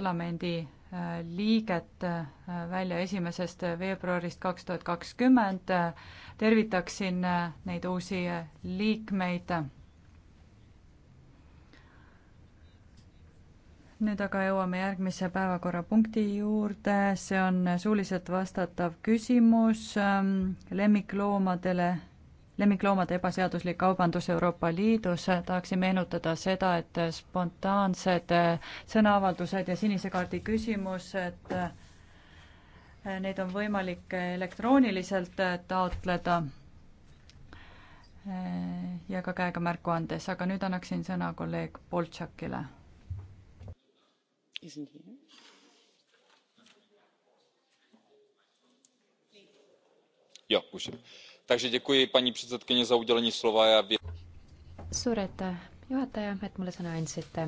parlamendi äh, liiget äh, välja esimesest äh, veebruarist kaks tuhat kakskümmend. tervitaksin neid uusi liikmeid. nüüd aga jõuame järgmise päevakorrapunkti juurde, see on suuliselt vastatav küsimus ähm, lemmikloomadele lemmikloomade ebaseaduslik kaubandus Euroopa Liidus, tahaksin meenutada seda, et spontaansed sõnaavaldused ja sinise kaardi küsimused, neid on võimalik elektrooniliselt taotleda ja ka käega märku andes, aga nüüd annaksin sõna kolleeg Boltšakile. jah, kus see Takže děkuji paní předsedkyně za udělení slova ja suur aitäh, eh, juhataja, et mulle sõna andsite.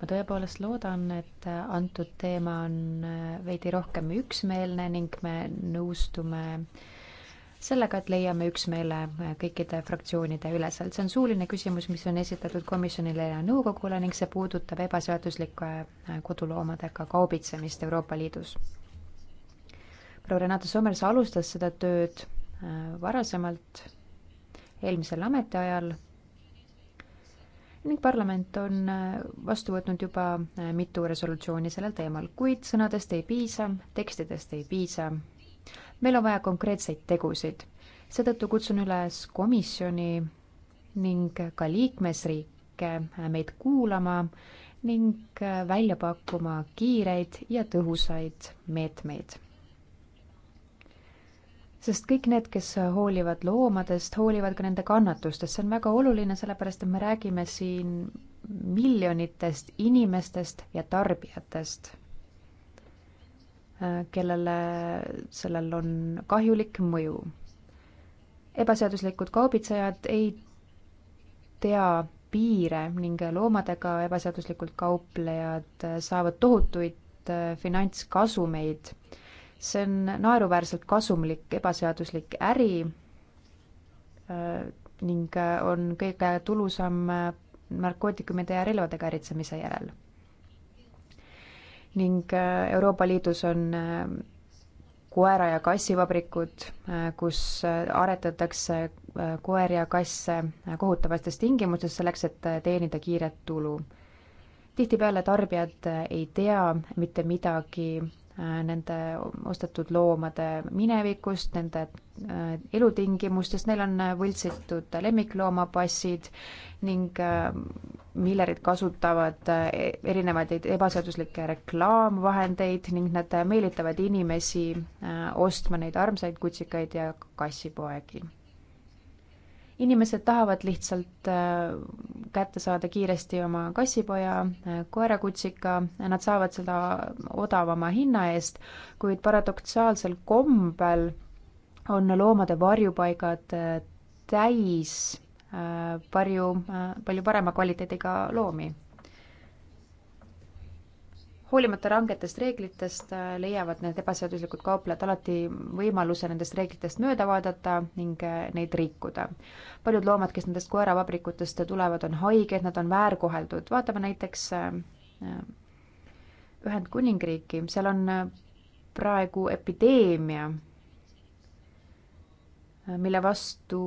ma tõepoolest loodan, et eh, antud teema on eh, veidi rohkem üksmeelne ning me nõustume sellega, et leiame üksmeele kõikide fraktsioonide üleselt. see on suuline küsimus, mis on esitatud komisjonile ja nõukogule ning see puudutab ebaseaduslikke koduloomadega kaubitsemist Euroopa Liidus. proua Renate Sommers alustas seda tööd Äh, varasemalt, eelmisel ametiajal ning parlament on äh, vastu võtnud juba äh, mitu resolutsiooni sellel teemal, kuid sõnadest ei piisa, tekstidest ei piisa. meil on vaja konkreetseid tegusid. seetõttu kutsun üles komisjoni ning ka liikmesriike meid kuulama ning välja pakkuma kiireid ja tõhusaid meetmeid sest kõik need, kes hoolivad loomadest, hoolivad ka nende kannatustest, see on väga oluline, sellepärast et me räägime siin miljonitest inimestest ja tarbijatest, äh, kellele sellel on kahjulik mõju. ebaseaduslikud kaubitsejad ei tea piire ning loomadega ebaseaduslikult kauplejad saavad tohutuid äh, finantskasumeid see on naeruväärselt kasumlik ebaseaduslik äri äh, ning äh, on kõige tulusam äh, narkootikumide ja relvadega äritsemise järel. ning Euroopa Liidus on koera- ja kassivabrikud, kus aretatakse koeri ja kasse kohutavates tingimustes selleks, et teenida kiiret tulu. tihtipeale tarbijad ei tea mitte midagi Äh, nende ostetud loomade minevikust, nende äh, elutingimustest, neil on äh, võltsitud lemmikloomapassid ning millerid kasutavad erinevaid ebaseaduslikke reklaamvahendeid ning nad meelitavad inimesi ostma neid armsaid kutsikaid ja kassipoegi inimesed tahavad lihtsalt äh, kätte saada kiiresti oma kassipoja, äh, koerakutsika, nad saavad seda odavama hinna eest, kuid paradoksaalsel kombel on loomade varjupaigad äh, täis palju, palju parema kvaliteediga loomi hoolimata rangetest reeglitest äh, leiavad need ebaseaduslikud kauplejad alati võimaluse nendest reeglitest mööda vaadata ning äh, neid rikkuda. paljud loomad, kes nendest koeravabrikutest tulevad, on haiged, nad on väärkoheldud, vaatame näiteks äh, Ühendkuningriiki, seal on praegu epideemia, mille vastu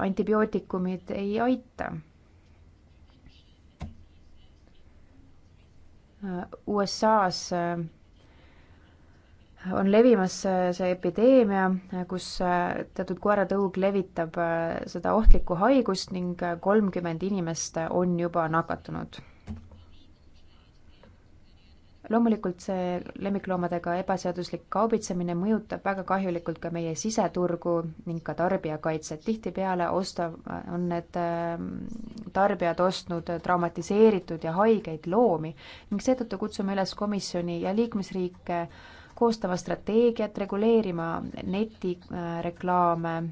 antibiootikumid ei aita USA-s äh, on levimas äh, see epideemia, äh, kus teatud koeratõug levitab seda ohtlikku haigust ning kolmkümmend inimest on juba nakatunud loomulikult see lemmikloomadega ebaseaduslik kaubitsemine mõjutab väga kahjulikult ka meie siseturgu ning ka tarbijakaitset. tihtipeale osta, on need ähm, tarbijad ostnud traumatiseeritud ja haigeid loomi ning seetõttu kutsume üles komisjoni ja liikmesriike koostama strateegiat, reguleerima netireklaame äh,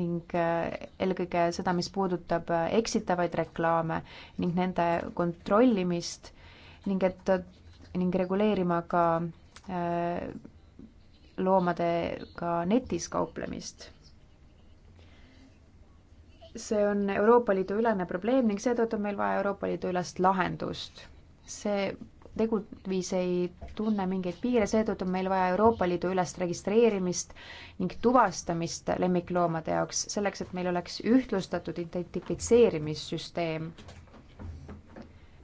ning äh, eelkõige seda, mis puudutab äh, eksitavaid reklaame ning nende kontrollimist ning et ning reguleerima ka äh, loomadega netis kauplemist. see on Euroopa Liidu ülene probleem ning seetõttu on meil vaja Euroopa Liidu ülest lahendust. see teguviis ei tunne mingeid piire, seetõttu on meil vaja Euroopa Liidu ülest registreerimist ning tuvastamist lemmikloomade jaoks, selleks et meil oleks ühtlustatud identifitseerimissüsteem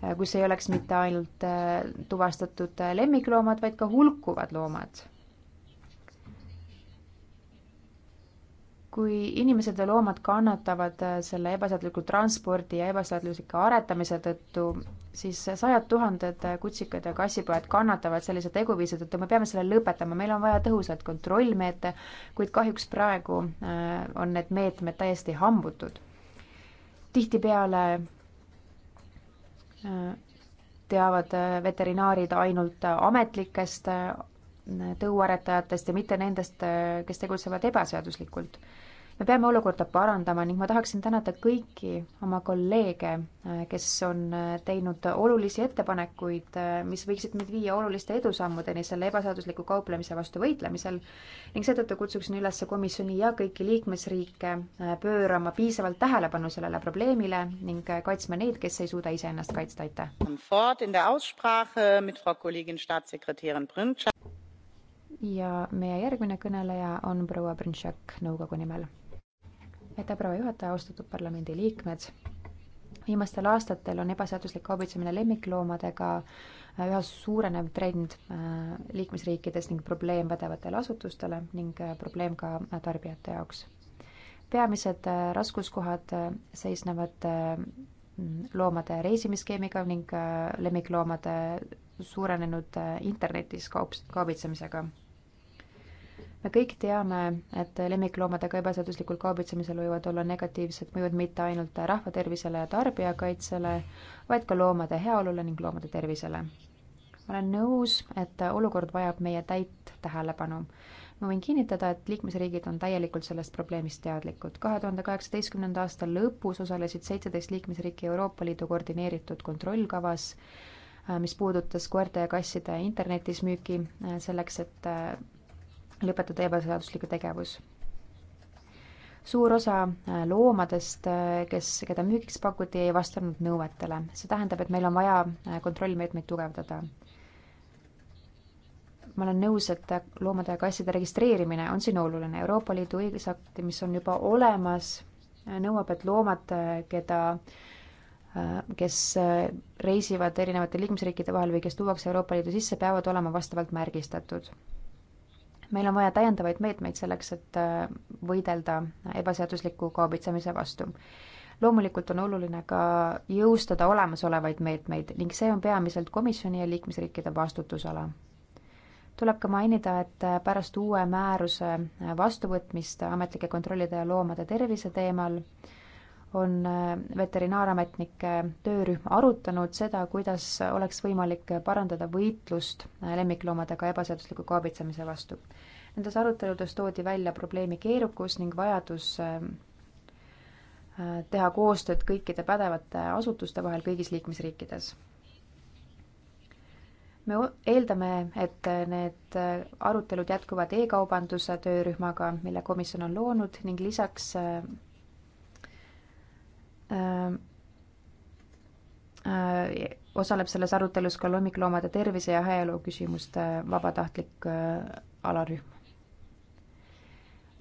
Äh, kus ei oleks mitte ainult äh, tuvastatud äh, lemmikloomad, vaid ka hulkuvad loomad. kui inimesed ja loomad kannatavad selle ebaseadusliku transpordi ja ebaseadusliku aretamise tõttu, siis sajad tuhanded kutsikad ja kassipojad kannatavad sellise teguviisi tõttu, me peame selle lõpetama, meil on vaja tõhusat kontrollmeete, kuid kahjuks praegu on need meetmed täiesti hambutud. tihtipeale teavad veterinaarid ainult ametlikest tõuaretajatest ja mitte nendest, kes tegutsevad ebaseaduslikult me peame olukorda parandama ning ma tahaksin tänada kõiki oma kolleege, äh, kes on äh, teinud olulisi ettepanekuid, äh, mis võiksid meid viia oluliste edusammudeni selle ebaseadusliku kauplemise vastu võitlemisel ning seetõttu kutsuksin üles komisjoni ja kõiki liikmesriike pöörama piisavalt tähelepanu sellele probleemile ning kaitsma neid, kes ei suuda iseennast kaitsta, aitäh! ja meie järgmine kõneleja on proua Brinšak nõukogu nimel aitäh, proua juhataja, austatud parlamendiliikmed. viimastel aastatel on ebaseaduslik kaubitsemine lemmikloomadega äh, üha suurenev trend äh, liikmesriikides ning probleem pädevatele asutustele ning äh, probleem ka tarbijate jaoks. peamised raskuskohad seisnevad mm, loomade reisimiskeemiga ning lemmikloomade suurenenud internetis kaups-, kaubitsemisega me kõik teame, et lemmikloomadega ebaseaduslikul kaubitsemisel võivad olla negatiivsed mõjud mitte ainult rahvatervisele ja tarbijakaitsele, vaid ka loomade heaolule ning loomade tervisele. ma olen nõus, et olukord vajab meie täit tähelepanu. ma võin kinnitada, et liikmesriigid on täielikult sellest probleemist teadlikud. kahe tuhande kaheksateistkümnenda aasta lõpus osalesid seitseteist liikmesriiki Euroopa Liidu koordineeritud kontrollkavas mis puudutas koerte ja kasside internetis müüki selleks, et lõpetada ebaseaduslik tegevus. suur osa äh, loomadest, äh, kes, keda müügiks pakuti, ei vastanud nõuetele. see tähendab, et meil on vaja äh, kontrollmeetmeid tugevdada. ma olen nõus, et loomade ja kasside registreerimine on siin oluline. Euroopa Liidu õigusakti, mis on juba olemas, nõuab, et loomad, keda kes reisivad erinevate liikmesriikide vahel või kes tuuakse Euroopa Liidu sisse, peavad olema vastavalt märgistatud meil on vaja täiendavaid meetmeid selleks, et äh, võidelda ebaseadusliku kaubitsemise vastu. loomulikult on oluline ka jõustada olemasolevaid meetmeid ning see on peamiselt komisjoni ja liikmesriikide vastutusala. tuleb ka mainida, et äh, pärast uue määruse äh, vastuvõtmist ametlike kontrollide ja loomade tervise teemal on äh, veterinaarametnike töörühm arutanud seda, kuidas oleks võimalik parandada võitlust äh, lemmikloomadega ebaseadusliku kaabitsemise vastu. Nendes aruteludes toodi välja probleemi keerukus ning vajadus äh, teha koostööd kõikide pädevate asutuste vahel kõigis liikmesriikides. me eeldame, et need arutelud jätkuvad e-kaubanduse töörühmaga, mille komisjon on loonud ning lisaks Äh, äh, osaleb selles arutelus ka lemmikloomade tervise ja heaolu küsimuste vabatahtlik äh, alarühm.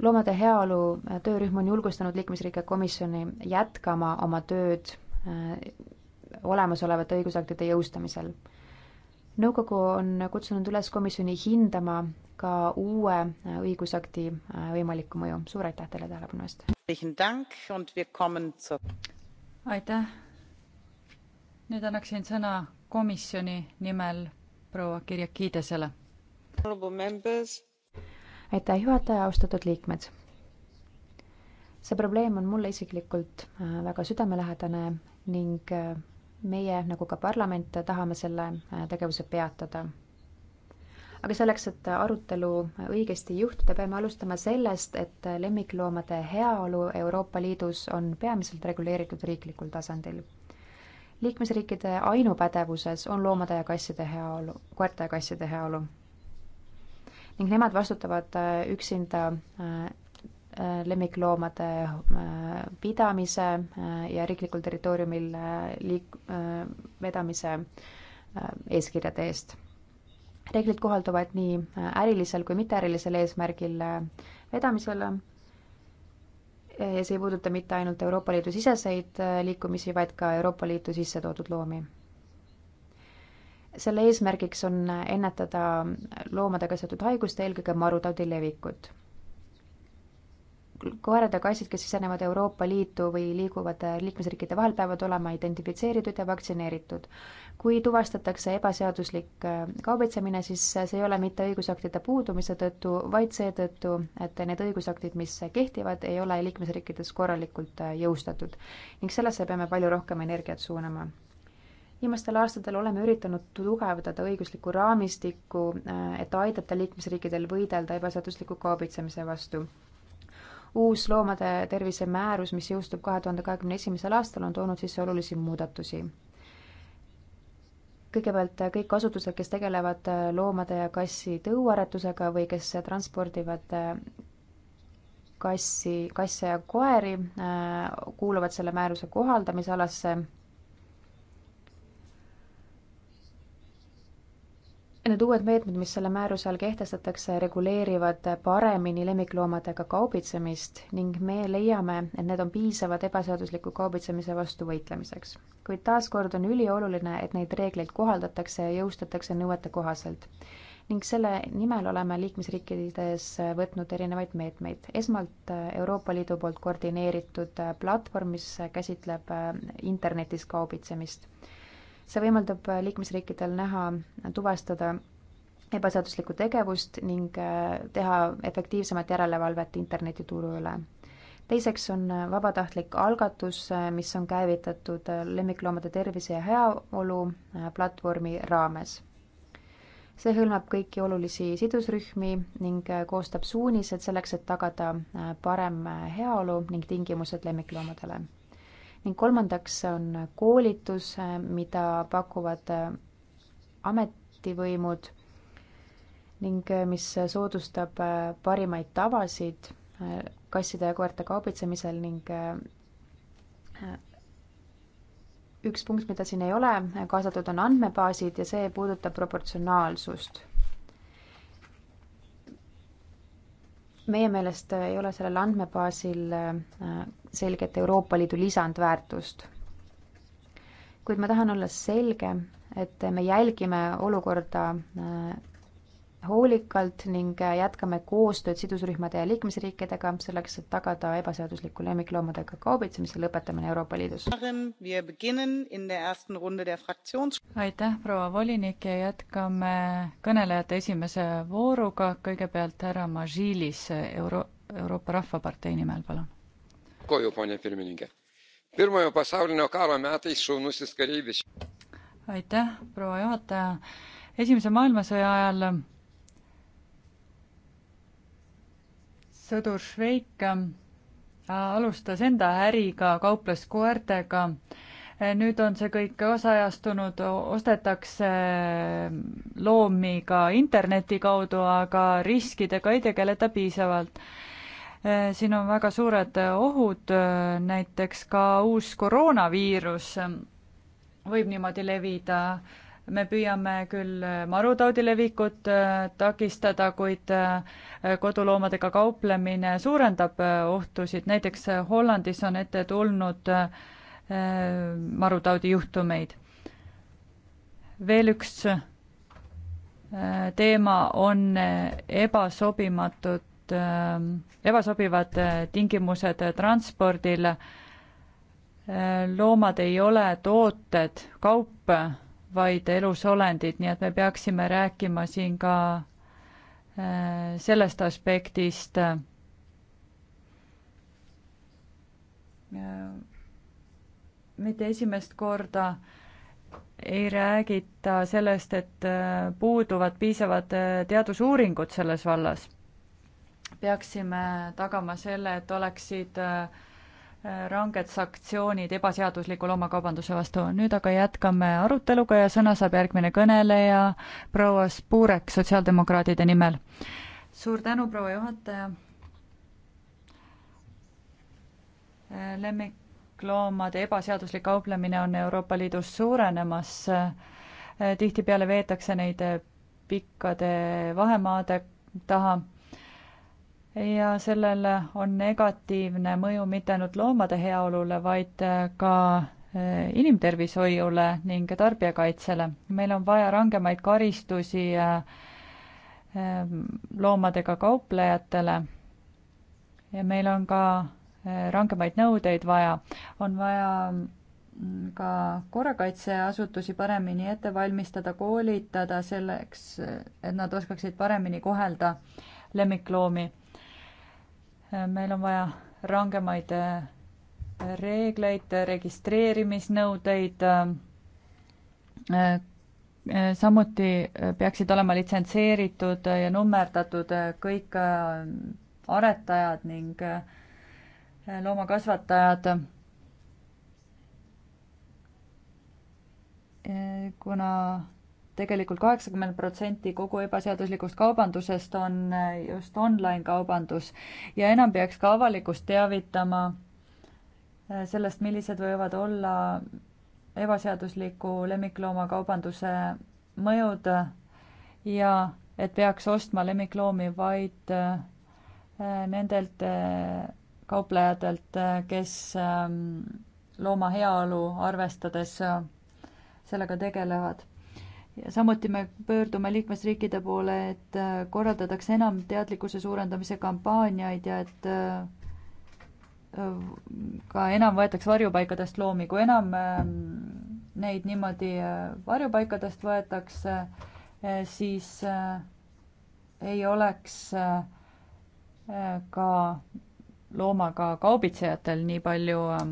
loomade heaolu töörühm on julgustanud liikmesriike komisjoni jätkama oma tööd olemasolevate õigusaktide jõustamisel. nõukogu on kutsunud üles komisjoni hindama ka uue õigusakti võimalikku mõju. suur aitäh teile tähelepanu eest! aitäh. nüüd annaksin sõna komisjoni nimel proua Kirjakidesele. aitäh, juhataja, austatud liikmed. see probleem on mulle isiklikult äh, väga südamelähedane ning äh, meie nagu ka parlament tahame selle äh, tegevuse peatada aga selleks, et arutelu õigesti juhtida, peame alustama sellest, et lemmikloomade heaolu Euroopa Liidus on peamiselt reguleeritud riiklikul tasandil. liikmesriikide ainupädevuses on loomade ja kasside heaolu, koerte ja kasside heaolu. ning nemad vastutavad äh, üksinda äh, lemmikloomade äh, pidamise ja riiklikul territooriumil liik-, vedamise eeskirjade eest reeglid kohalduvad nii äh, ärilisel kui mitteärilisel eesmärgil äh, vedamisele. see ei puuduta mitte ainult Euroopa Liidu siseseid äh, liikumisi, vaid ka Euroopa Liitu sisse toodud loomi. selle eesmärgiks on ennetada loomadega seotud haiguste, eelkõige marutaudi levikut koerad ja kassid, kes sisenevad Euroopa Liitu või liiguvad äh, liikmesriikide vahel, peavad olema identifitseeritud ja vaktsineeritud. kui tuvastatakse ebaseaduslik äh, kaubitsemine, siis äh, see ei ole mitte õigusaktide puudumise tõttu, vaid seetõttu, et need õigusaktid, mis kehtivad, ei ole liikmesriikides korralikult jõustatud. ning sellesse peame palju rohkem energiat suunama viimastel aastatel oleme üritanud tugevdada õiguslikku raamistikku, et aidata liikmesriikidel võidelda ebaseadusliku kaubitsemise vastu uus loomade tervise määrus, mis jõustub kahe tuhande kahekümne esimesel aastal, on toonud sisse olulisi muudatusi. kõigepealt kõik asutused, kes tegelevad loomade ja kassi tõuaretusega või kes transpordivad kassi, kasse ja koeri, kuuluvad selle määruse kohaldamisalasse Need uued meetmed, mis selle määruse all kehtestatakse, reguleerivad paremini lemmikloomadega kaubitsemist ning me leiame, et need on piisavad ebaseadusliku kaubitsemise vastu võitlemiseks. kuid taaskord on ülioluline, et neid reegleid kohaldatakse ja jõustatakse nõuetekohaselt. ning selle nimel oleme liikmesriikides võtnud erinevaid meetmeid. esmalt äh, Euroopa Liidu poolt koordineeritud äh, platvorm, mis äh, käsitleb internetis kaubitsemist see võimaldab äh, liikmesriikidel näha, äh, tuvastada ebaseaduslikku tegevust ning äh, teha efektiivsemat järelevalvet internetituru üle. teiseks on vabatahtlik algatus, mis on käivitatud lemmikloomade tervise ja heaolu platvormi raames. see hõlmab kõiki olulisi sidusrühmi ning koostab suunised selleks, et tagada parem heaolu ning tingimused lemmikloomadele ning kolmandaks on koolitus, mida pakuvad äh, ametivõimud ning äh, mis soodustab äh, parimaid tavasid kasside ja koerte kaubitsemisel ning üks punkt, mida siin ei ole kaasatud, on andmebaasid ja see puudutab proportsionaalsust. meie meelest ei ole sellel andmebaasil selget Euroopa Liidu lisandväärtust. kuid ma tahan olla selge, et me jälgime olukorda äh, hoolikalt ning äh, jätkame koostööd sidusrühmade ja liikmesriikidega selleks, et tagada ebaseadusliku lemmikloomadega kaubitsemise lõpetamine Euroopa Liidus. aitäh, proua volinik ja jätkame kõnelejate esimese vooruga. kõigepealt härra Mažilis Euro-, Euroopa Rahvapartei nimel, palun pirmojo pasaulinio karo metais šaunusis kareivis. aitäh, proua juhataja. esimese maailmasõja ajal sõdur Šveik äh, alustas enda äriga, kauples koertega. Äh, nüüd on see kõik kaasajastunud, ostetakse äh, loomi ka interneti kaudu, aga riskidega ei tegeleta piisavalt Äh, siin on väga suured äh, ohud, äh, näiteks ka uus koroonaviirus ähm, võib niimoodi levida. me püüame küll marutaudi levikut takistada, kuid koduloomadega kauplemine suurendab ohtusid, näiteks Hollandis on ette tulnud marutaudi juhtumeid. veel üks teema on ebasobimatud sobivad, ähm, ebasobivad äh, tingimused äh, transpordil, äh, loomad ei ole tooted, kaup, vaid elusolendid, nii et me peaksime rääkima siin ka sellest aspektist. mitte esimest korda ei räägita sellest, et puuduvad piisavad teadusuuringud selles vallas peaksime tagama selle, et oleksid äh, äh, ranged sanktsioonid ebaseadusliku loomakaubanduse vastu. nüüd aga jätkame aruteluga ja sõna saab järgmine kõneleja, proua Spurek sotsiaaldemokraatide nimel. suur tänu, proua juhataja. Äh, lemmikloomade ebaseaduslik kauplemine on Euroopa Liidus suurenemas. tihtipeale veetakse neid pikkade vahemaade taha ja sellel on negatiivne mõju mitte ainult loomade heaolule, vaid ka eh, inimtervishoiule ning tarbijakaitsele. meil on vaja rangemaid karistusi eh, loomadega kauplejatele ja meil on ka eh, rangemaid nõudeid vaja. on vaja mm, ka korrakaitseasutusi paremini ette valmistada, koolitada selleks, et nad oskaksid paremini kohelda lemmikloomi meil on vaja rangemaid äh, reegleid, registreerimisnõudeid. Äh, äh, samuti peaksid olema litsenseeritud ja nummerdatud kõik aretajad ning loomakasvatajad. kuna tegelikult kaheksakümmend protsenti kogu ebaseaduslikust kaubandusest on äh, just online-kaubandus ja enam peaks ka avalikkust teavitama äh, sellest, millised võivad olla ebaseadusliku lemmikloomakaubanduse mõjud ja et peaks ostma lemmikloomi vaid äh, nendelt kauplejatelt, kes ähm, looma heaolu arvestades sellega tegelevad ja samuti me pöördume liikmesriikide poole, et äh, korraldatakse enam teadlikkuse suurendamise kampaaniaid ja et äh, äh, ka enam võetakse varjupaikadest loomi, kui enam ähm, neid niimoodi varjupaikadest võetakse, siis ei oleks ka loomaga kaubitsejatel nii palju ähm,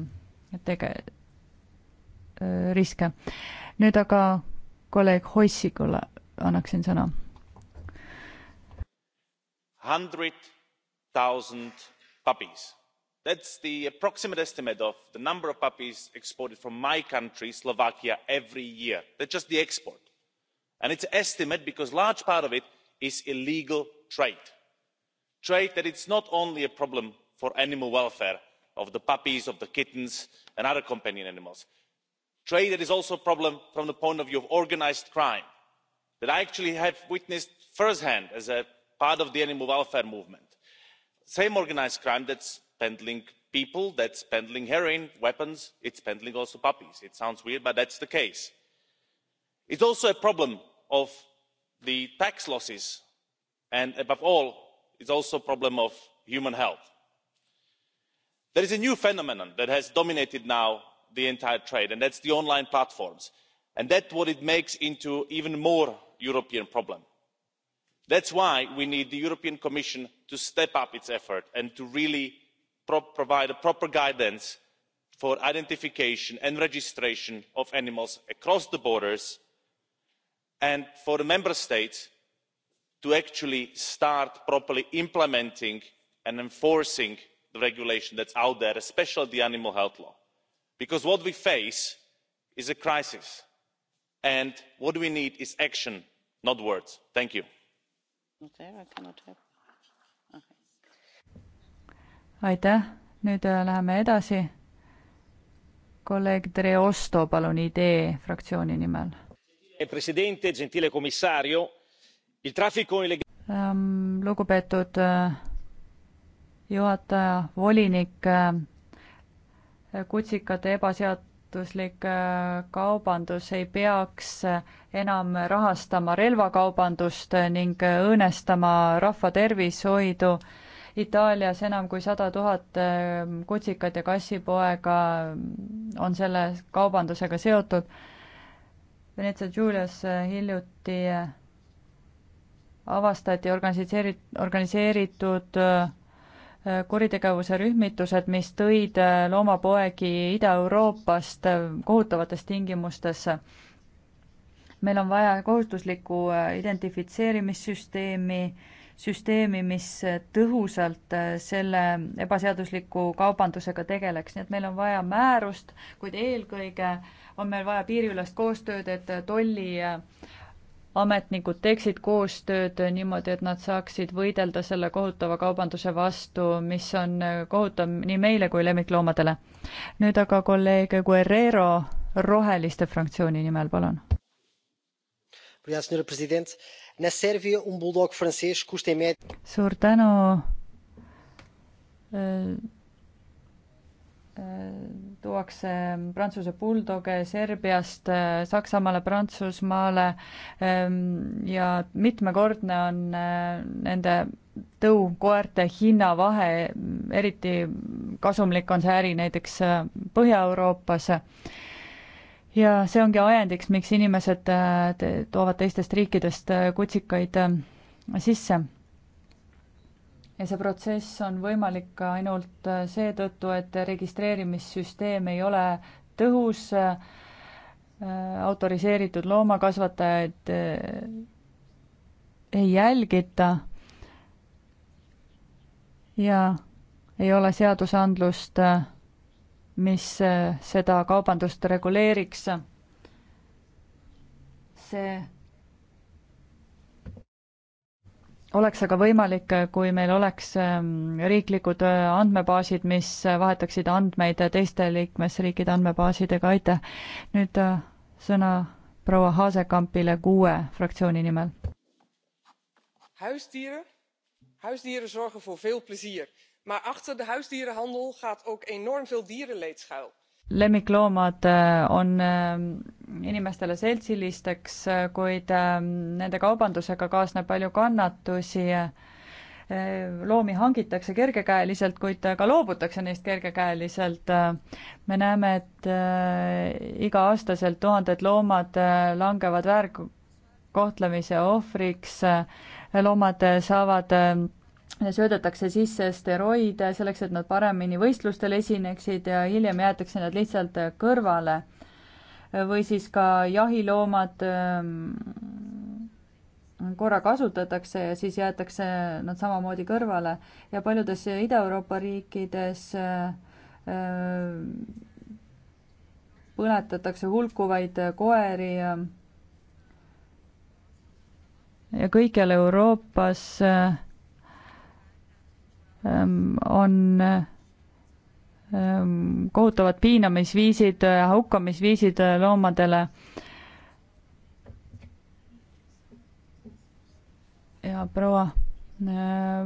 tege-, riske. nüüd aga kolleeg Hoissikule annaksin sõna. Hundred thousand puppies. That's the approximate estimate of the number of puppies exported from my country, Slovakia, every year. That's just the export. And it's an estimate because large part of it is illegal trade. Trade that it's not only a problem for animal welfare of the puppies, of the kittens and other companion animals trade that is also a problem from the point of view of organised crime that i actually have witnessed first hand as part of the animal welfare movement the same organised crime that's peddling people that's peddling heroin weapons it's peddling also puppies. it sounds weird but that's the case. it's also a problem of the tax losses and above all it's also a problem of human health. there is a new phenomenon that has dominated the entire trade and that's the online platforms and that's what it makes into an even more european problem. that's why we need the european commission to step up its effort and to really provide proper guidance for identification and registration of animals across the borders and for the member states to actually start properly implementing and enforcing the regulation that's out there especially the animal health because what we face is a crisis and what we need is action not words. thank you. aitäh, nüüd äh, läheme edasi. kolleeg Dreosto, palun, idee fraktsiooni nimel. Eh, president, gentile komissario, il traffico ähm, lugupeetud äh, juhataja, volinik äh, kutsikate ebaseaduslik äh, kaubandus ei peaks äh, enam rahastama relvakaubandust äh, ning õõnestama rahva tervishoidu. Itaalias enam kui sada tuhat kutsikat ja kassipoega mm, on selle kaubandusega seotud. Venetsia Julius hiljuti avastati organiseeri-, organiseeritud kuritegevuse rühmitused, mis tõid äh, loomapoegi Ida-Euroopast äh, kohutavates tingimustes. meil on vaja kohustuslikku äh, identifitseerimissüsteemi, süsteemi, mis tõhusalt selle ebaseadusliku kaubandusega tegeleks, nii et meil on vaja määrust, kuid eelkõige on meil vaja piiriülest koostööd, et tolli ametnikud teeksid koostööd niimoodi, et nad saaksid võidelda selle kohutava kaubanduse vastu, mis on kohutav nii meile kui lemmikloomadele. nüüd aga kolleeg Guerrero Roheliste fraktsiooni nimel, palun. Um suur tänu äh, tuuakse Prantsuse bulldoge Serbiast äh, Saksamaale, Prantsusmaale ähm, ja mitmekordne on äh, nende tõukoerte hinnavahe, eriti kasumlik on see äri näiteks äh, Põhja-Euroopas. ja see ongi ajendiks, miks inimesed toovad teistest riikidest kutsikaid sisse ja see protsess on võimalik ainult äh, seetõttu, et registreerimissüsteem ei ole tõhus, äh, autoriseeritud loomakasvatajaid äh, ei jälgita ja ei ole seadusandlust, mis seda kaubandust reguleeriks. see oleks aga võimalik, kui meil oleks ähm, riiklikud äh, andmebaasid, mis vahetaksid andmeid teiste liikmesriikide andmebaasidega, aitäh. nüüd äh, sõna proua Haasekampile kuue fraktsiooni nimel. huisdieren, huisdieren zorgen voor veel plezier, maar achter de huisdierenhandel gaat ook enorm veel dierenleed schuil lemmikloomad äh, on äh, inimestele seltsilisteks, äh, kuid nende kaubandusega kaasneb palju kannatusi. loomi hangitakse kergekäeliselt, kuid ka loobutakse neist kergekäeliselt. me näeme, et iga-aastaselt tuhanded loomad langevad väärkohtlemise ohvriks, loomad saavad söödetakse sisse steroide selleks, et nad paremini võistlustel esineksid ja hiljem jäetakse nad lihtsalt äh, kõrvale. või siis ka jahiloomad ähm, korra kasutatakse ja siis jäetakse nad samamoodi kõrvale ja paljudes Ida-Euroopa riikides äh, äh, põletatakse hulkuvaid koeri ja kõikjal Euroopas äh, on kohutavad piinamisviisid, hukkamisviisid loomadele. ja proua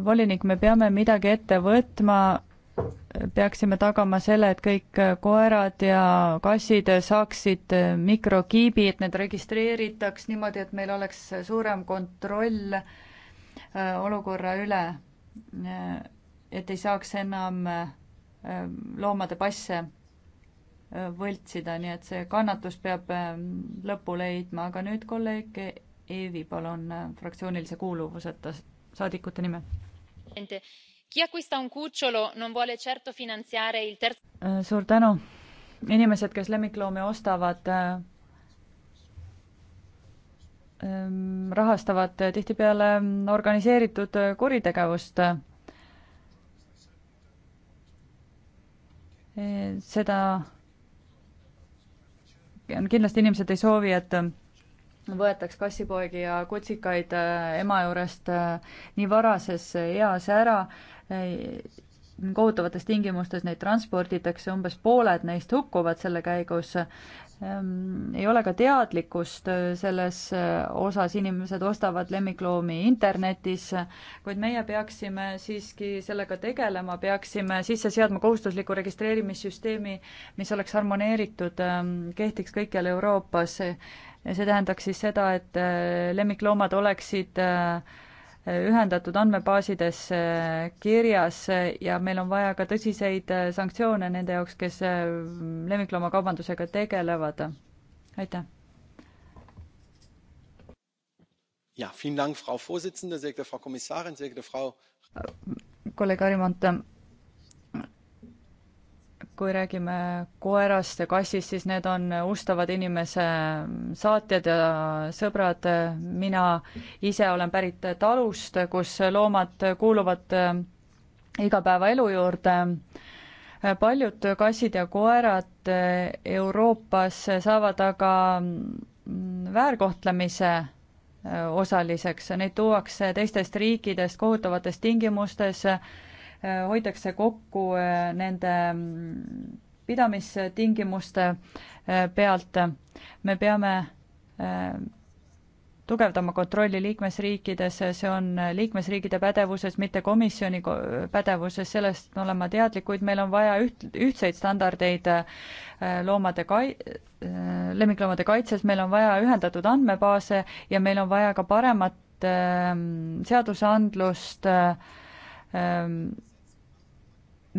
volinik, me peame midagi ette võtma, peaksime tagama selle, et kõik koerad ja kassid saaksid mikrokiibi, et need registreeritaks niimoodi, et meil oleks suurem kontroll olukorra üle et ei saaks enam ähm, loomade passe äh, võltsida, nii et see kannatus peab ähm, lõpu leidma, aga nüüd kolleeg Eevi, palun, äh, fraktsioonilise kuuluvuseta saadikute nimel. Äh, suur tänu. inimesed, kes lemmikloomi ostavad, ähm, rahastavad tihtipeale mm, organiseeritud kuritegevust seda kindlasti inimesed ei soovi, et võetaks kassipoegi ja kutsikaid äh, ema juurest äh, nii varases äh, eas ära. kohutavates tingimustes neid transporditakse, umbes pooled neist hukkuvad selle käigus Ehm, ei ole ka teadlikkust äh, selles äh, osas, inimesed ostavad lemmikloomi internetis, kuid meie peaksime siiski sellega tegelema, peaksime sisse seadma kohustusliku registreerimissüsteemi, mis oleks harmoneeritud, ehm, kehtiks kõikjal Euroopas. ja see tähendaks siis seda, et äh, lemmikloomad oleksid äh, ühendatud andmebaasides äh, kirjas äh, ja meil on vaja ka tõsiseid äh, sanktsioone nende jaoks, kes lemmikloomakaubandusega tegelevad. aitäh! kolleeg Arimont, kui räägime koerast ja kassist, siis need on ustavad inimese saatjad ja sõbrad. mina ise olen pärit talust, kus loomad kuuluvad eh, igapäevaelu juurde. paljud kassid ja koerad eh, Euroopas saavad aga mm, väärkohtlemise eh, osaliseks, neid tuuakse teistest riikidest kohutavates tingimustes Äh, hoitakse kokku äh, nende mm, pidamistingimuste äh, pealt. me peame tugevdama kontrolli liikmesriikides, see on liikmesriikide pädevuses, mitte komisjoni pädevuses, sellest olen ma teadlik, kuid meil on vaja üht, ühtseid standardeid loomade kai-, lemmikloomade kaitses, meil on vaja ühendatud andmebaase ja meil on vaja ka paremat seadusandlust ähm,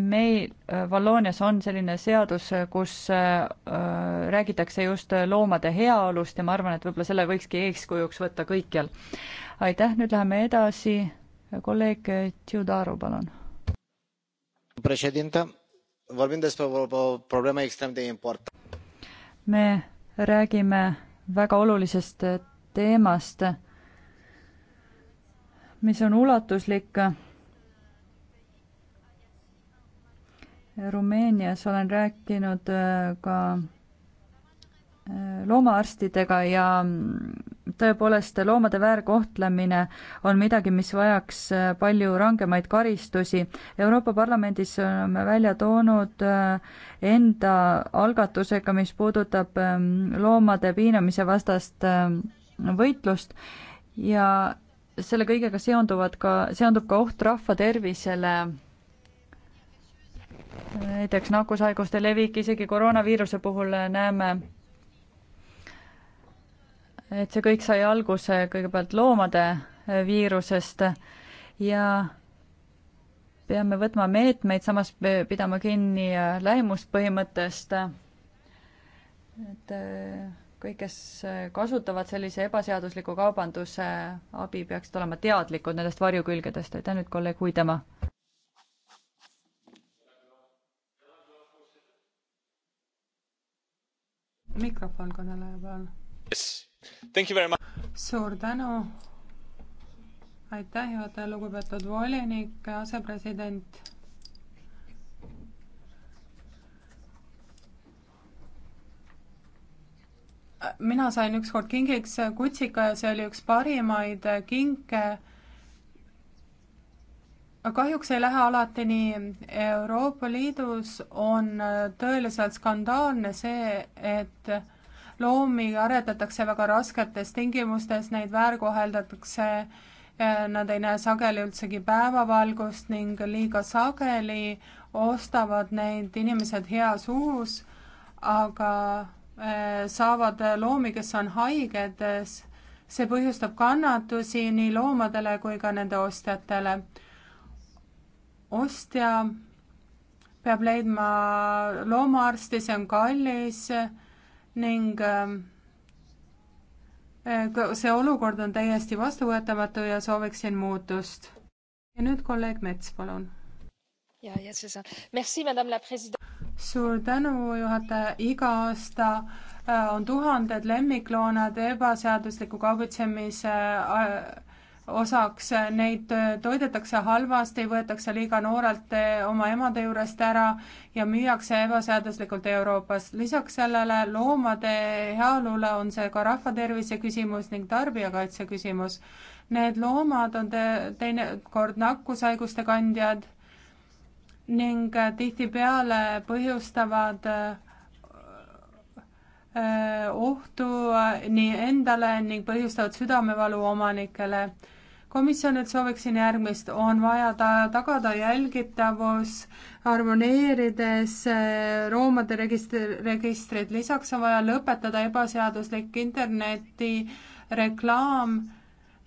meil äh, Valloonias on selline seadus, kus äh, äh, räägitakse just loomade heaolust ja ma arvan, et võib-olla selle võikski eeskujuks võtta kõikjal. aitäh, nüüd läheme edasi, kolleeg Tšiudaru, palun. me räägime väga olulisest teemast, mis on ulatuslik Rumeenias olen rääkinud äh, ka äh, loomaarstidega ja mm, tõepoolest loomade väärkohtlemine on midagi, mis vajaks äh, palju rangemaid karistusi. Euroopa Parlamendis oleme välja toonud enda algatusega, mis puudutab ähm, loomade piinamise vastast ähm, võitlust ja selle kõigega seonduvad ka, seondub ka oht rahva tervisele näiteks nakkushaiguste levik, isegi koroonaviiruse puhul näeme, et see kõik sai alguse kõigepealt loomade viirusest ja peame võtma meetmeid, samas pidama kinni lähimuspõhimõttest. et äh, kõik, kes kasutavad sellise ebaseadusliku kaubanduse abi, peaksid olema teadlikud nendest varjukülgedest. aitäh nüüd, kolleeg Huidemaa! mikrofon kõneleja peal yes.. suur tänu. aitäh, juhataja, lugupeetud volinik, asepresident. mina sain ükskord kingiks kutsika ja see oli üks parimaid kinke kahjuks ei lähe alati nii. Euroopa Liidus on tõeliselt skandaalne see, et loomi aretatakse väga rasketes tingimustes, neid väärkoheldatakse, nad ei näe sageli üldsegi päevavalgust ning liiga sageli ostavad neid inimesed heas uus, aga eh, saavad loomi, kes on haigedes. see põhjustab kannatusi nii loomadele kui ka nende ostjatele ostja peab leidma loomaarsti, see on kallis ning äh, see olukord on täiesti vastuvõetamatu ja sooviksin muutust. ja nüüd kolleeg Mets, palun. suur tänu, juhataja, iga aasta äh, on tuhanded lemmikloonad ebaseadusliku kaubitsemise äh, osaks, neid äh, toidetakse halvasti, võetakse liiga noorelt äh, oma emade juurest ära ja müüakse ebaseaduslikult Euroopas. lisaks sellele loomade heaolule on see ka rahvatervise küsimus ning tarbijakaitse küsimus. Need loomad on te, teinekord nakkushaiguste kandjad ning äh, tihtipeale põhjustavad ohtu nii endale ning põhjustavad südamevalu omanikele komisjonilt sooviksin järgmist, on vaja ta tagada jälgitavus, harmoneerides eh, roomade registri, registrit, lisaks on vaja lõpetada ebaseaduslik interneti reklaam,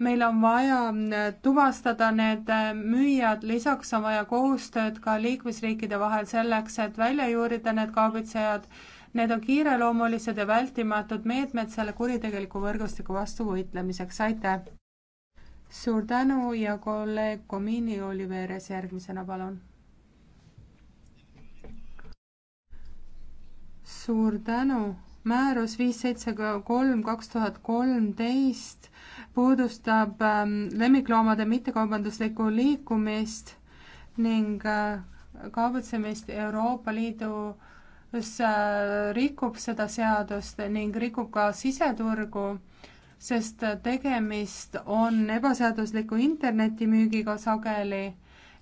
meil on vaja eh, tuvastada need eh, müüjad, lisaks on vaja koostööd ka liikmesriikide vahel selleks, et välja juurida need kaubitsejad. Need on kiireloomulised ja vältimatud meetmed selle kuritegeliku võrgustiku vastu võitlemiseks, aitäh! suur tänu ja kolleeg Comini Oliveres järgmisena, palun. suur tänu, määrus viis seitse kolm kaks tuhat kolmteist puudustab ähm, lemmikloomade mittekaubanduslikku liikumist ning äh, kaubitsemist Euroopa Liidu mis äh, rikub seda seadust ning rikub ka siseturgu sest tegemist on ebaseadusliku internetimüügiga sageli.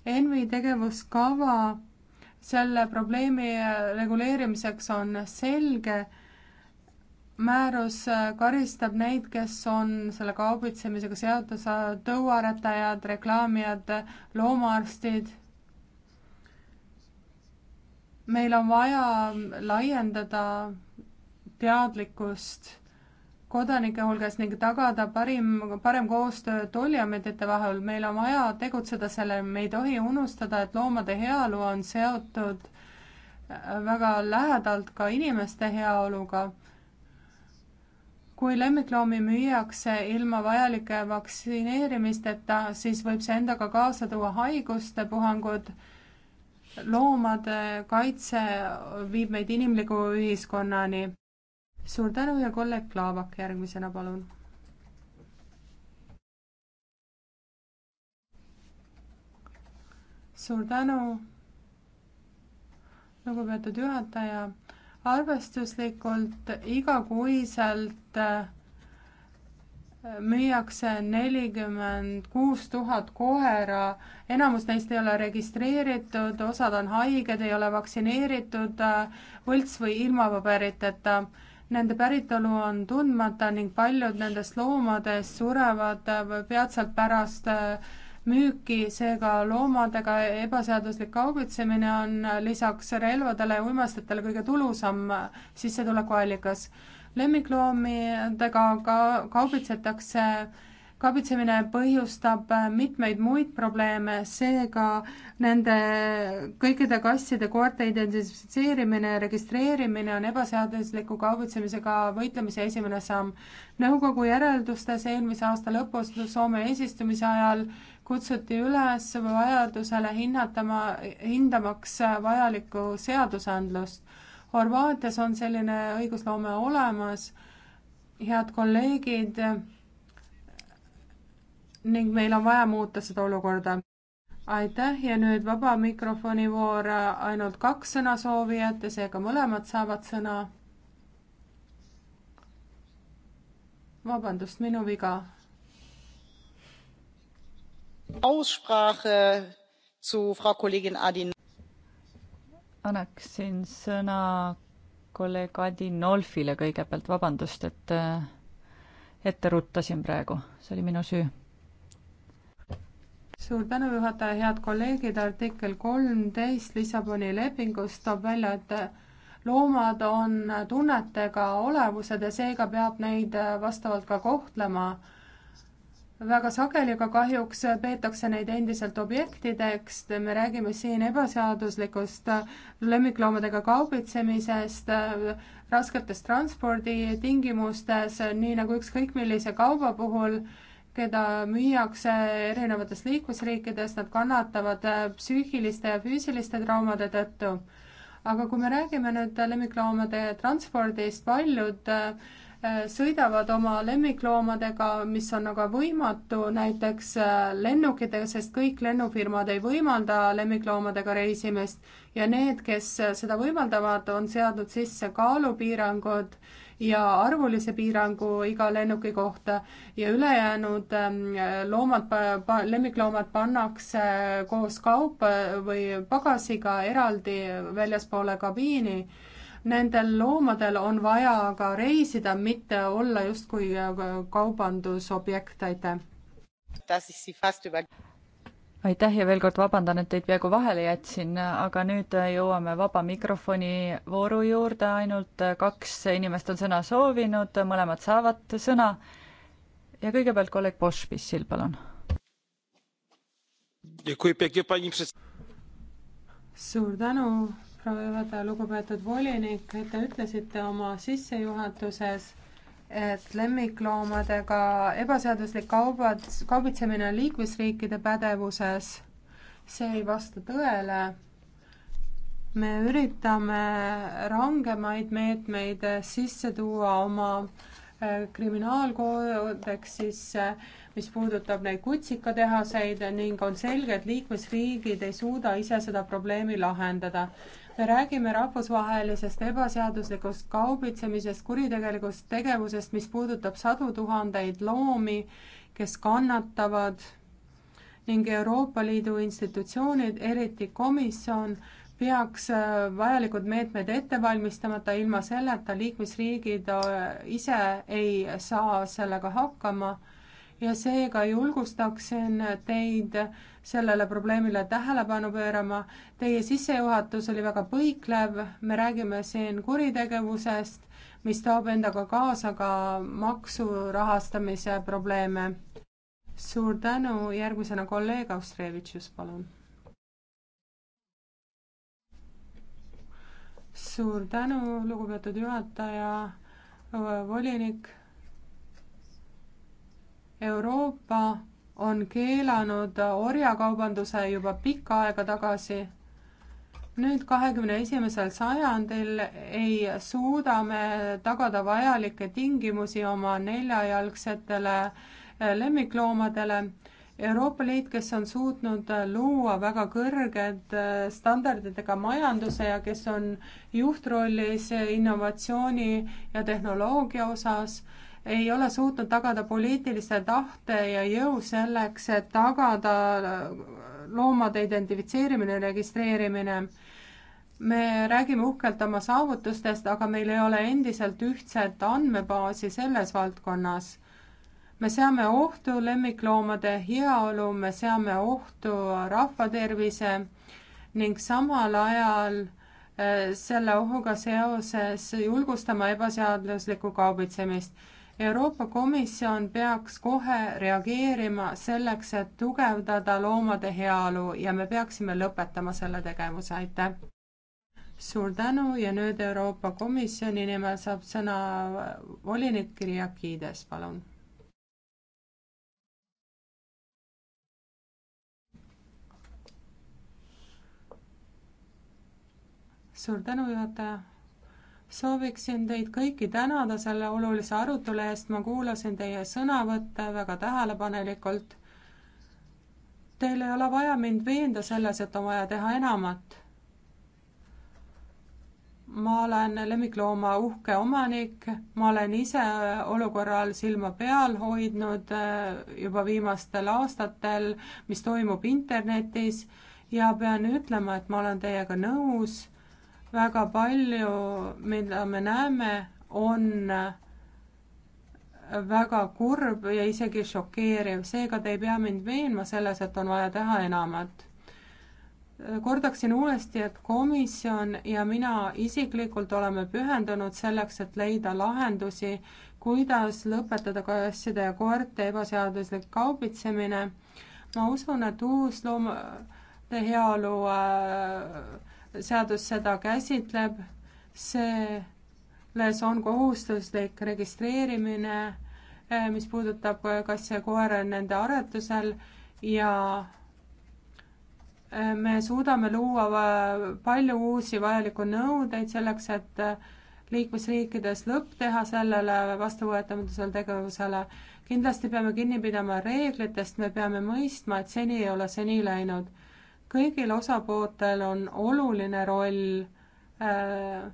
ENVI tegevuskava selle probleemi reguleerimiseks on selge. määrus karistab neid, kes on selle kaubitsemisega seotud, tõuaretajad, reklaamijad, loomaarstid. meil on vaja laiendada teadlikkust kodanike hulgas ning tagada parim, parem koostöö tolliametite vahel. meil on vaja tegutseda selle, me ei tohi unustada, et loomade heaolu on seotud äh, väga lähedalt ka inimeste heaoluga. kui lemmikloomi müüakse ilma vajalike vaktsineerimisteta, siis võib see endaga kaasa tuua haiguste puhangud. loomade kaitse viib meid inimliku ühiskonnani suur tänu ja kolleeg Klaavak järgmisena, palun. suur tänu, lugupeetud juhataja. arvestuslikult igakuiselt äh, müüakse nelikümmend kuus tuhat koera, enamus neist ei ole registreeritud, osad on haiged, ei ole vaktsineeritud äh, võlts või ilma paberiteta Nende päritolu on tundmata ning paljud nendest loomadest surevad äh, peatselt pärast äh, müüki, seega loomadega ebaseaduslik kaubitsemine on äh, lisaks relvadele ja uimastitele kõige tulusam sissetulekuallikas. lemmikloomadega ka kaubitsetakse kaabitsemine põhjustab äh, mitmeid muid probleeme, seega nende kõikide kasside koerte identifitseerimine ja registreerimine on ebaseadusliku kaabitsemisega võitlemise esimene samm. nõukogu järeldustes eelmise aasta lõpus Soome eesistumise ajal kutsuti üles vajadusele hinnatama, hindamaks vajalikku seadusandlust. Horvaatias on selline õigusloome olemas, head kolleegid ning meil on vaja muuta seda olukorda. aitäh ja nüüd vaba mikrofoni voor, äh, ainult kaks sõnasoovijat ja seega mõlemad saavad sõna. vabandust, minu viga. Aussprache zu Frau Kollegin Adin. annaksin sõna kolleeg Adinolfile kõigepealt, vabandust, et äh, ette ruttasin praegu, see oli minu süü suur tänu, juhataja, head kolleegid, artikkel kolmteist Lissaboni lepingust toob välja, et loomad on tunnetega olevused ja seega peab neid vastavalt ka kohtlema. väga sageli ka kahjuks peetakse neid endiselt objektideks, me räägime siin ebaseaduslikust lemmikloomadega kaubitsemisest, rasketes transporditingimustes, nii nagu ükskõik millise kauba puhul keda müüakse erinevates liikmesriikides, nad kannatavad äh, psüühiliste ja füüsiliste traumade tõttu. aga kui me räägime nüüd lemmikloomade transpordist, paljud äh, sõidavad oma lemmikloomadega, mis on aga võimatu näiteks äh, lennukitega, sest kõik lennufirmad ei võimalda lemmikloomadega reisimist ja need, kes seda võimaldavad, on seadnud sisse kaalupiirangud ja arvulise piirangu iga lennuki kohta ja ülejäänud ähm, loomad, lemmikloomad pannakse koos kaupa või pagasiga eraldi väljaspoole kabiini. Nendel loomadel on vaja ka reisida, mitte olla justkui äh, kaubandusobjekt, aitäh aitäh ja veel kord vabandan, et teid peaaegu vahele jätsin, aga nüüd jõuame vaba mikrofoni vooru juurde, ainult kaks inimest on sõna soovinud, mõlemad saavad sõna. ja kõigepealt kolleeg Pošpissil, palun. suur tänu, proua juhataja, lugupeetud volinik, te ütlesite oma sissejuhatuses et lemmikloomadega ebaseaduslik kaubad, kaubitsemine on liikmesriikide pädevuses, see ei vasta tõele. me üritame rangemaid meetmeid sisse tuua oma äh, kriminaalkoodeksisse, äh, mis puudutab neid kutsikatehaseid ning on selge, et liikmesriigid ei suuda ise seda probleemi lahendada me räägime rahvusvahelisest ebaseaduslikust kaubitsemisest, kuritegelikust tegevusest, mis puudutab sadu tuhandeid loomi, kes kannatavad ning Euroopa Liidu institutsioonid, eriti komisjon, peaks äh, vajalikud meetmed ette valmistamata, ilma selleta liikmesriigid äh, ise ei saa sellega hakkama ja seega julgustaksin teid sellele probleemile tähelepanu pöörama. Teie sissejuhatus oli väga põiklev, me räägime siin kuritegevusest, mis toob endaga kaasa ka maksu rahastamise probleeme. suur tänu, järgmisena kolleeg Austrevitšus, palun. suur tänu, lugupeetud juhataja, volinik Euroopa on keelanud orjakaubanduse juba pikka aega tagasi. nüüd, kahekümne esimesel sajandil ei suuda me tagada vajalikke tingimusi oma neljajalgsetele eh, lemmikloomadele. Euroopa Liit, kes on suutnud luua väga kõrged eh, standarditega majanduse ja kes on juhtrollis innovatsiooni ja tehnoloogia osas ei ole suutnud tagada poliitilise tahte ja jõu selleks, et tagada äh, loomade identifitseerimine, registreerimine. me räägime uhkelt oma saavutustest, aga meil ei ole endiselt ühtset andmebaasi selles valdkonnas. me seame ohtu lemmikloomade heaolu, me seame ohtu rahvatervise ning samal ajal äh, selle ohuga seoses julgustama ebaseaduslikku kaubitsemist Euroopa Komisjon peaks kohe reageerima selleks, et tugevdada loomade heaolu ja me peaksime lõpetama selle tegevuse, aitäh! suur tänu ja nüüd Euroopa Komisjoni nimel saab sõna volinik Kirjakides, palun. suur tänu, juhataja sooviksin teid kõiki tänada selle olulise arutelu eest, ma kuulasin teie sõnavõtte väga tähelepanelikult. Teil ei ole vaja mind veenda selles, et on vaja teha enamat. ma olen lemmiklooma uhke omanik, ma olen ise olukorral silma peal hoidnud eh, juba viimastel aastatel, mis toimub internetis ja pean ütlema, et ma olen teiega nõus väga palju, mida me näeme, on väga kurb ja isegi šokeeriv, seega te ei pea mind veenma selles, et on vaja teha enamat. kordaksin uuesti, et komisjon ja mina isiklikult oleme pühendunud selleks, et leida lahendusi, kuidas lõpetada kasside ja koerte ebaseaduslik kaubitsemine. ma usun, et uus loomade heaolu äh, seadus seda käsitleb, selles on kohustuslik registreerimine, eh, mis puudutab eh, kass ja koer nende aretusel ja eh, me suudame luua palju uusi vajalikke nõudeid selleks, et liikmesriikides lõpp teha sellele vastuvõetamatusele tegevusele. kindlasti peame kinni pidama reeglitest, me peame mõistma, et seni ei ole see nii läinud kõigil osapooltel on oluline roll äh,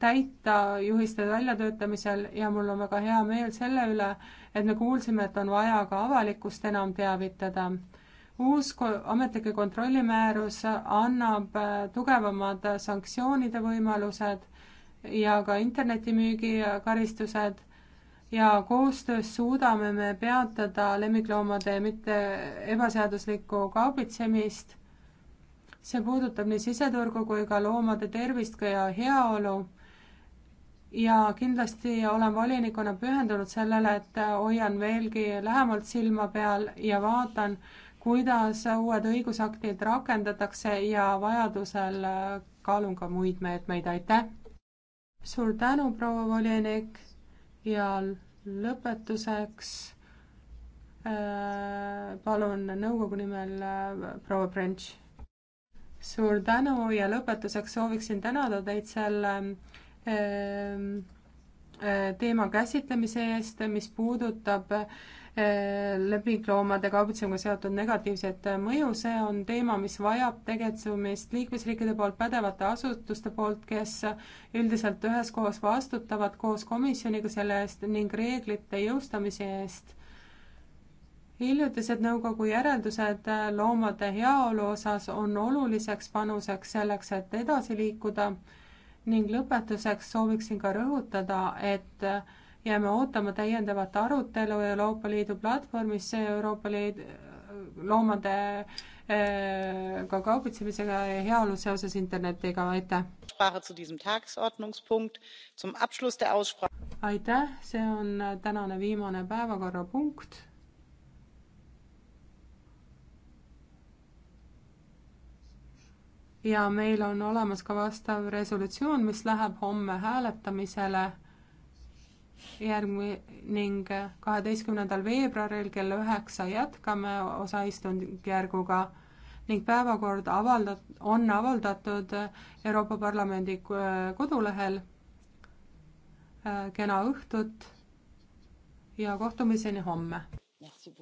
täita juhiste väljatöötamisel ja mul on väga hea meel selle üle, et me kuulsime, et on vaja ka avalikkust enam teavitada. uus ametnike kontrollimäärus annab äh, tugevamad sanktsioonide võimalused ja ka internetimüügi karistused ja koostöös suudame me peatada lemmikloomade mitte ebaseaduslikku kaubitsemist see puudutab nii siseturgu kui ka loomade tervist ja heaolu ja kindlasti olen volinikuna pühendunud sellele, et hoian veelgi lähemalt silma peal ja vaatan, kuidas uued õigusaktid rakendatakse ja vajadusel kaalun ka muid meetmeid, aitäh! suur tänu, proua volinik ja lõpetuseks äh, palun nõukogu nimel äh, proua French suur tänu ja lõpetuseks sooviksin tänada teid selle ähm, äh, teema käsitlemise eest, mis puudutab äh, lemmikloomade kaubitsemisega seotud negatiivset mõju, see on teema, mis vajab tegutsemist liikmesriikide poolt, pädevate asutuste poolt, kes üldiselt üheskoos vastutavad koos komisjoniga selle eest ning reeglite jõustamise eest hiljutised nõukogu järeldused loomade heaolu osas on oluliseks panuseks selleks, et edasi liikuda ning lõpetuseks sooviksin ka rõhutada, et jääme ootama täiendavat arutelu Euroopa Liidu platvormis Euroopa Liidu loomade eh, ka kaubitsemisega ja heaolu seoses internetiga, aitäh! aitäh, see on tänane viimane päevakorrapunkt ja meil on olemas ka vastav resolutsioon, mis läheb homme hääletamisele järgmi- ning kaheteistkümnendal veebruaril kell üheksa jätkame osaistungjärguga ning päevakord avaldat-, on avaldatud Euroopa Parlamendi kodulehel. kena õhtut ja kohtumiseni homme!